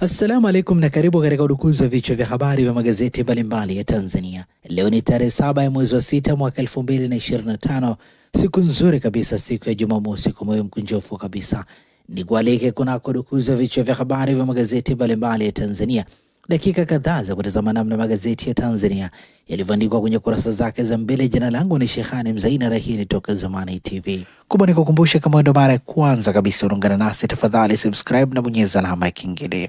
Assalamu alaikum na karibu katika udukuzi wa vichwa vya habari vya magazeti mbalimbali ya Tanzania. Leo ni tarehe saba ya mwezi wa sita mwaka elfu mbili na ishirini na tano. Siku nzuri kabisa, siku ya Jumamosi, kwa moyo mkunjofu kabisa ni kualike kunako udukuzi wa vichwa vya habari vya magazeti mbalimbali ya Tanzania, dakika kadhaa za kutazama namna magazeti ya Tanzania yalivyoandikwa kwenye kurasa zake za mbele. Jina langu ni Shehani Mzaina na hii ni Toka Zamani TV. Kumbe nikukumbushe, kama ndo mara ya kwanza kabisa unaungana nasi, tafadhali subscribe na bonyeza alama ya kengele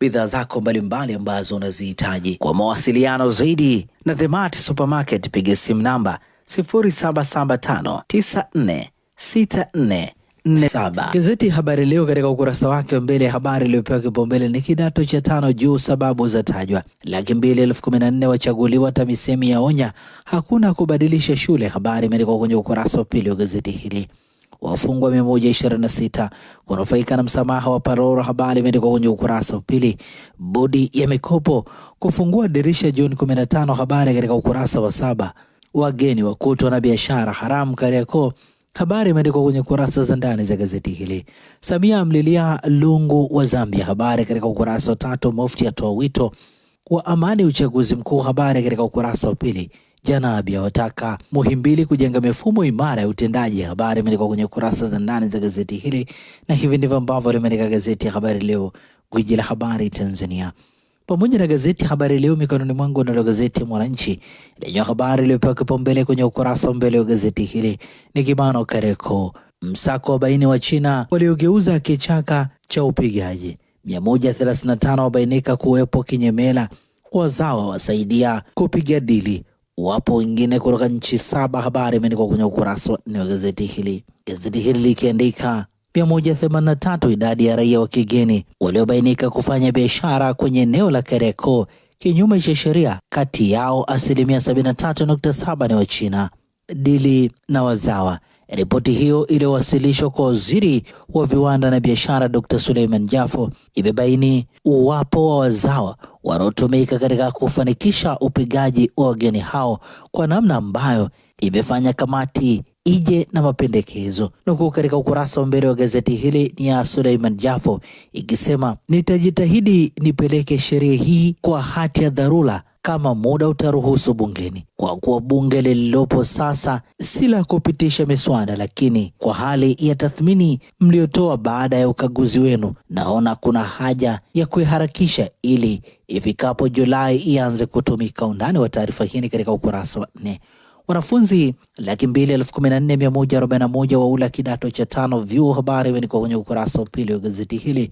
bidhaa zako mbalimbali ambazo unazihitaji. Kwa mawasiliano zaidi na The Mart Supermarket, piga simu namba 0775946447. Gazeti Habari Leo katika ukurasa wake wa mbele ya habari iliyopewa kipaumbele ni kidato cha tano juu, sababu za tajwa. laki mbili elfu kumi na nne wachaguliwa, TAMISEMI yaonya hakuna kubadilisha shule. Habari imeandikwa kwenye ukurasa wa pili wa gazeti hili wafungwa 126 kunufaika na msamaha wa parora. Habari imeandikwa kwenye ukurasa wa pili. Bodi ya mikopo kufungua dirisha Juni 15, habari katika ukurasa wa saba. Wageni wakutwa na biashara haramu Kariakoo, habari imeandikwa kwenye kurasa za ndani za gazeti hili. Samia amlilia Lungu wa Zambia, habari katika ukurasa wa tatu. Mufti atoa wito wa amani uchaguzi mkuu, habari katika ukurasa wa pili. Janabi awataka Muhimbili kujenga mifumo imara ya utendaji. Habari imeandikwa kwenye kurasa za ndani za gazeti hili, na hivi ndivyo ambavyo limeandika gazeti ya Habari Leo, gwiji la habari Tanzania, pamoja na gazeti Habari Leo mikononi mwangu. Nalo gazeti Mwananchi lenye habari iliyopewa kipaumbele kwenye ukurasa wa mbele wa gazeti hili ni Kibano Kareko, msako wa baini wa China waliogeuza kichaka cha upigaji 135 wabainika kuwepo kinyemela, wazawa wasaidia kupiga dili Wapo wengine kutoka nchi saba. Habari imeandikwa kwenye ukurasa wa nne wa gazeti hili, gazeti hili likiandika 183 idadi ya raia wa kigeni waliobainika kufanya biashara kwenye eneo la kereko kinyume cha sheria, kati yao asilimia 73.7 ni Wachina dili na wazawa. Ripoti hiyo iliyowasilishwa kwa waziri wa viwanda na biashara Dr. Suleiman Jafo imebaini uwapo wa wazawa wanaotumika katika kufanikisha upigaji wa wageni hao kwa namna ambayo imefanya kamati ije na mapendekezo. Nukuu katika ukurasa wa mbele wa gazeti hili ni ya Suleiman Jafo ikisema, nitajitahidi nipeleke sheria hii kwa hati ya dharura kama muda utaruhusu bungeni, kwa kuwa bunge lililopo sasa si la kupitisha miswada. Lakini kwa hali ya tathmini mliotoa baada ya ukaguzi wenu, naona kuna haja ya kuiharakisha ili ifikapo Julai ianze kutumika. Undani wa taarifa hii katika ukurasa wa nne. Wanafunzi laki mbili elfu kumi na nne mia moja arobaini na moja waula kidato cha tano vyuo. Habari kwa kwenye ukurasa wa pili wa gazeti hili.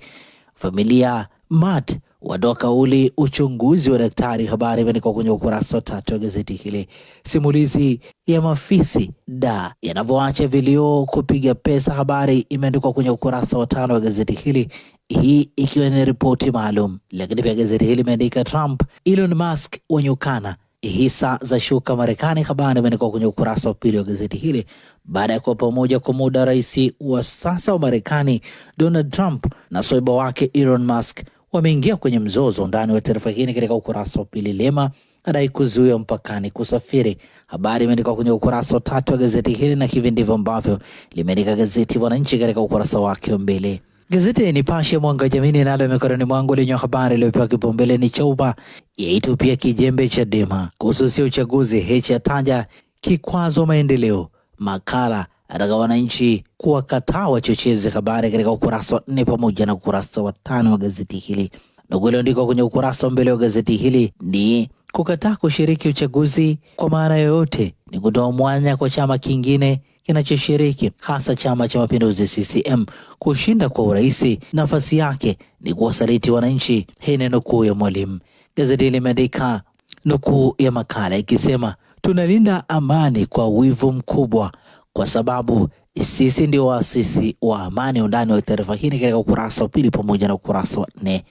Familia mat watoa kauli uchunguzi wa daktari. Habari imeandikwa kwenye ukurasa wa tatu wa gazeti hili. Simulizi ya mafisi da yanavyoacha vilio kupiga pesa, habari imeandikwa kwenye ukurasa wa tano wa gazeti hili, hii ikiwa ni ripoti maalum. Lakini pia gazeti hili imeandika Trump, Elon Musk wanyukana hisa za shuka Marekani. Habari imeandikwa kwenye ukurasa wa pili wa gazeti hili. Baada ya kuwa pamoja kwa muda, rais wa sasa wa Marekani Donald Trump na swaiba wake Elon Musk wameingia kwenye mzozo. Ndani wa taarifa hii katika ukurasa wa pili. Lema adai kuzuia mpakani kusafiri. Habari imeandikwa kwenye ukurasa wa tatu wa gazeti hili, na hivi ndivyo ambavyo limeandika gazeti Mwananchi katika ukurasa wake wa mbele. Gazeti ya Nipashe mwanga Jamini nalo ninalo mikononi mwangu lenye habari iliyopewa kipaumbele ni Chauba yaitupia kijembe Chadema kuhususia uchaguzi, Heche ataja kikwazo maendeleo. Makala ataka wananchi kuwakataa wachochezi. Habari katika ukurasa wa nne pamoja na ukurasa wa tano wa gazeti hili, na kuliandikwa kwenye ukurasa wa mbele wa gazeti hili ni kukataa kushiriki uchaguzi kwa maana yoyote ni kutoa mwanya kwa chama kingine kinachoshiriki hasa Chama cha Mapinduzi CCM kushinda kwa urahisi, nafasi yake ni kuwasaliti wananchi. Hii ni nukuu ya Mwalimu. Gazeti limeandika nukuu ya makala ikisema, tunalinda amani kwa wivu mkubwa, kwa sababu sisi ndio waasisi wa amani. Undani wa taarifa hii katika ukurasa wa pili pamoja na ukurasa wa nne.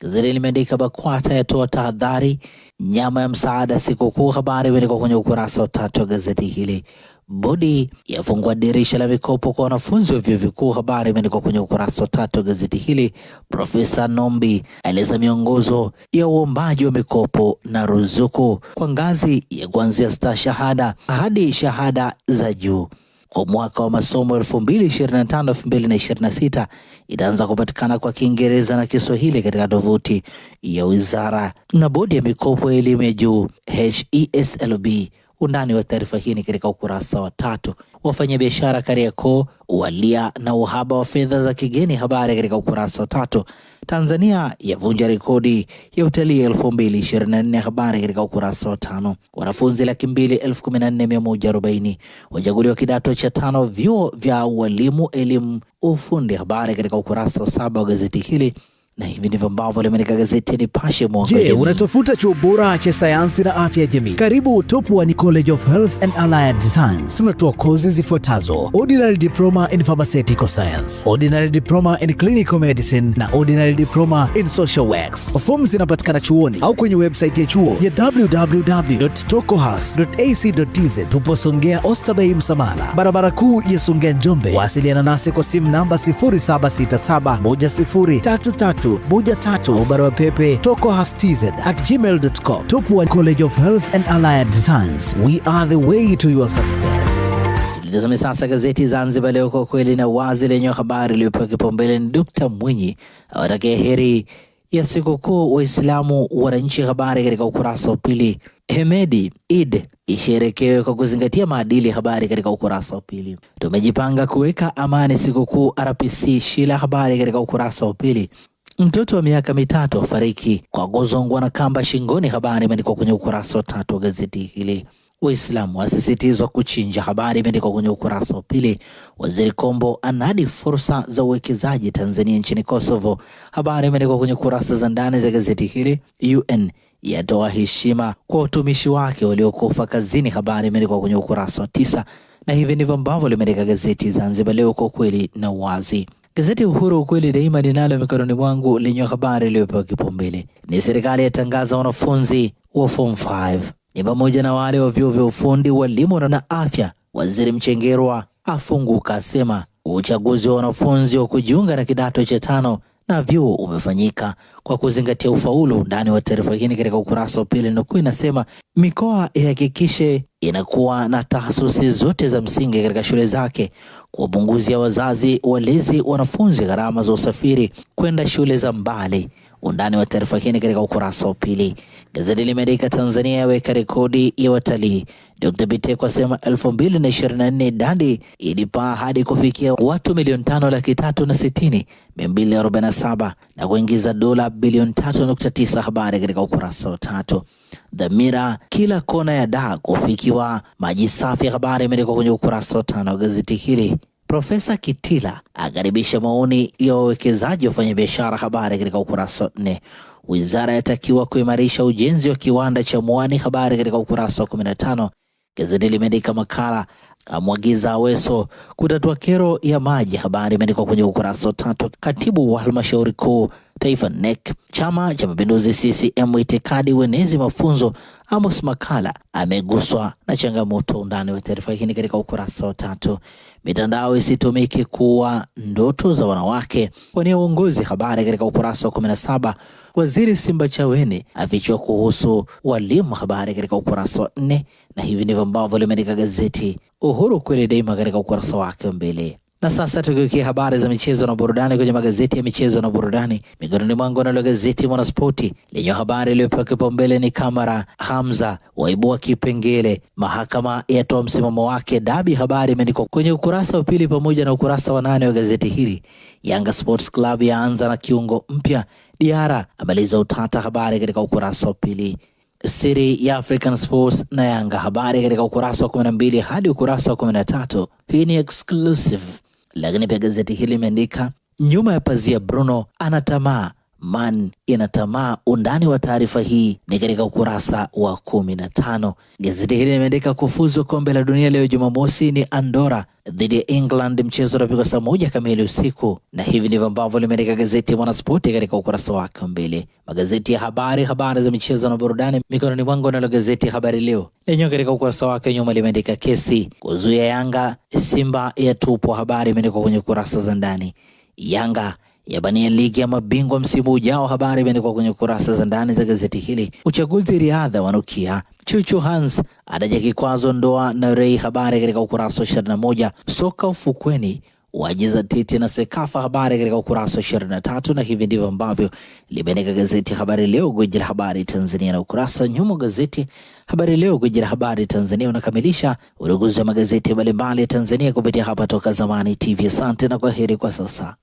Gazeti limeandika BAKWATA yatoa tahadhari nyama ya msaada sikukuu. Habari imeandikwa kwenye ukurasa wa tatu wa gazeti hili. Bodi yafungua dirisha la mikopo kwa wanafunzi wa vyuo vikuu. Habari imeandikwa kwenye ukurasa wa tatu wa gazeti hili. Profesa Nombi aeleza miongozo ya uombaji wa mikopo na ruzuku kwa ngazi ya kuanzia stashahada hadi shahada za juu kwa mwaka wa masomo 2025 2026 itaanza kupatikana kwa Kiingereza na Kiswahili katika tovuti ya wizara na bodi ya mikopo ya elimu ya juu HESLB. Undani wa taarifa hii ni katika ukurasa wa tatu. Wafanyabiashara Kariakoo walia na uhaba wa fedha za kigeni, habari katika ukurasa wa tatu. Tanzania yavunja rekodi ya utalii 2024, habari katika ukurasa wa tano. Wanafunzi laki mbili elfu kumi na nne mia moja arobaini kidato cha tano vyuo vya ualimu, elimu, ufundi, habari katika ukurasa wa saba wa gazeti hili na hivi ndivyo ambavyo limeandika gazeti ya Nipashe mwaka Je, unatafuta chuo bora cha sayansi na afya ya jamii? Karibu Top One College of Health and Allied Science. Tunatoa kozi zifuatazo: Ordinary Diploma in Pharmaceutical Science, Ordinary Diploma in Clinical Medicine na Ordinary Diploma in Social Works. Fomu zinapatikana chuoni au kwenye website ya chuo ya www.tokohas.ac.tz. Tupo Songea osterbay Msamala, barabara kuu ya Songea Njombe. Wasiliana nasi kwa simu namba 07671033 1313 barua pepe tokohastz@gmail.com. Tupwa College of Health and Allied Science, we are the way to your success. Tulitazame sasa gazeti Zanzibar Leo, kwa kweli na wazi, lenye habari iliyopewa kipaumbele ni Dkt Mwinyi awatakia heri ya sikukuu Waislamu wananchi. Habari katika ukurasa wa pili. Hemedi Id isherekewe kwa kuzingatia maadili. Habari katika ukurasa wa pili. Tumejipanga kuweka amani sikukuu RPC Shila. Habari katika ukurasa wa pili. Mtoto wa miaka mitatu afariki kwa kuzongwa na kamba shingoni. Habari imeandikwa kwenye ukurasa wa tatu wa gazeti hili. Waislamu wasisitizwa kuchinja. Habari imeandikwa kwenye ukurasa wa pili. Waziri Kombo anadi fursa za uwekezaji Tanzania nchini Kosovo. Habari imeandikwa kwenye kurasa za ndani za gazeti hili. UN yatoa heshima kwa utumishi wake waliokufa kazini. Habari imeandikwa kwenye ukurasa wa tisa, na hivi ndivyo ambavyo limeandika gazeti Zanzibar Leo, kwa kweli na uwazi. Gazeti Uhuru ukweli daima ninalo mikononi mwangu lenye habari iliyopewa kipaumbele ni serikali yatangaza wanafunzi wa form 5 ni pamoja na wale wa vyuo vya ufundi, walimu na afya. Waziri Mchengerwa afunguka asema uchaguzi wa wanafunzi wa kujiunga na kidato cha tano na vyuo umefanyika kwa kuzingatia ufaulu. Ndani wa taarifa hii katika ukurasa wa pili nukuu inasema mikoa ihakikishe inakuwa na tahasusi zote za msingi katika shule zake, kuwapunguzia wazazi, walezi, wanafunzi gharama za usafiri kwenda shule za mbali. Undani wa taarifa hii katika ukurasa wa pili. Gazeti limeandika Tanzania yaweka rekodi ya watalii. Dr. Biteko asema 2024 dandi ilipaa hadi kufikia watu milioni tano laki tatu na sitini mia mbili arobaini na saba na kuingiza dola bilioni tatu nukta tisa. Habari katika ukurasa wa tatu. Dhamira kila kona ya da kufikiwa maji safi, habari imeandikwa kwenye ukurasa wa tano wa gazeti hili. Profesa Kitila akaribisha maoni ya wawekezaji wafanya biashara Habari katika ukurasa wa nne. Wizara yatakiwa kuimarisha ujenzi wa kiwanda cha mwani. Habari katika ukurasa wa 15. Gazeti limeandika makala amwagiza Aweso kutatua kero ya maji. Habari imeandikwa kwenye ukurasa wa tatu. Katibu wa halmashauri kuu Taifa NEC, Chama cha Mapinduzi CCM, Itikadi, wenezi Mafunzo. Amos Makala ameguswa na changamoto. Undani wa taarifa hii katika ukurasa wa tatu. Mitandao isitumiki kuwa ndoto za wanawake wania uongozi, habari katika ukurasa wa kumi na saba. Waziri Chaweni afichwa kuhusu walimu, habari katika ukurasa wa nne, na hivi ndivyo ambavyo limeandika gazeti Uhuru kweli daima katika ukurasa wake wa mbele. Na sasa tukiukia habari za michezo na burudani kwenye magazeti ya michezo na burudani, mikononi mwangu analo gazeti Mwanaspoti lenye habari iliyopewa kipaumbele ni Kamara Hamza waibua kipengele, mahakama yatoa msimamo wake dabi. Habari imeandikwa kwenye ukurasa wa pili pamoja na ukurasa wa nane wa gazeti hili. Yanga Sports Club yaanza na kiungo mpya, Diara amaliza utata. Habari katika ukurasa wa pili. Siri ya African Sports na Yanga, habari katika ukurasa wa 12 hadi ukurasa wa 13. Hii ni exclusive lakini pia gazeti hili limeandika nyuma ya pazia, Bruno ana tamaa Man inatamaa. Undani wa taarifa hii ni katika ukurasa wa kumi na tano. Gazeti hili limeandika kufuzu kombe la dunia leo Jumamosi ni Andora dhidi ya England, mchezo unapigwa saa moja kamili usiku, na hivi ndivyo ambavyo limeandika gazeti Mwanaspoti katika ukurasa wake wa mbele. Magazeti ya habari, habari za michezo na burudani mikononi mwangu, nalo gazeti Habari Leo lenyewe katika ukurasa wake nyuma limeandika kesi kuzuia Yanga Simba yatupwa, habari imeandikwa kwenye kurasa za ndani. Yanga yabania ligi ya mabingwa msimu ujao. Habari imeandikwa kwenye kurasa za ndani za gazeti hili. Uchaguzi riadha wanukia Chuchu Hans adaja kikwazo ndoa na Rei, habari katika ukurasa wa moja. Soka ufukweni wajiza titi na Sekafa, habari katika ukurasa wa 23. Na hivi ndivyo ambavyo limeandika gazeti Habari Leo, gwiji la habari Tanzania, na ukurasa wa nyuma gazeti Habari Leo, gwiji la habari Tanzania, unakamilisha uruguzi wa magazeti mbalimbali ya Tanzania kupitia hapa Toka Zamani TV. Asante na kwaheri kwa sasa.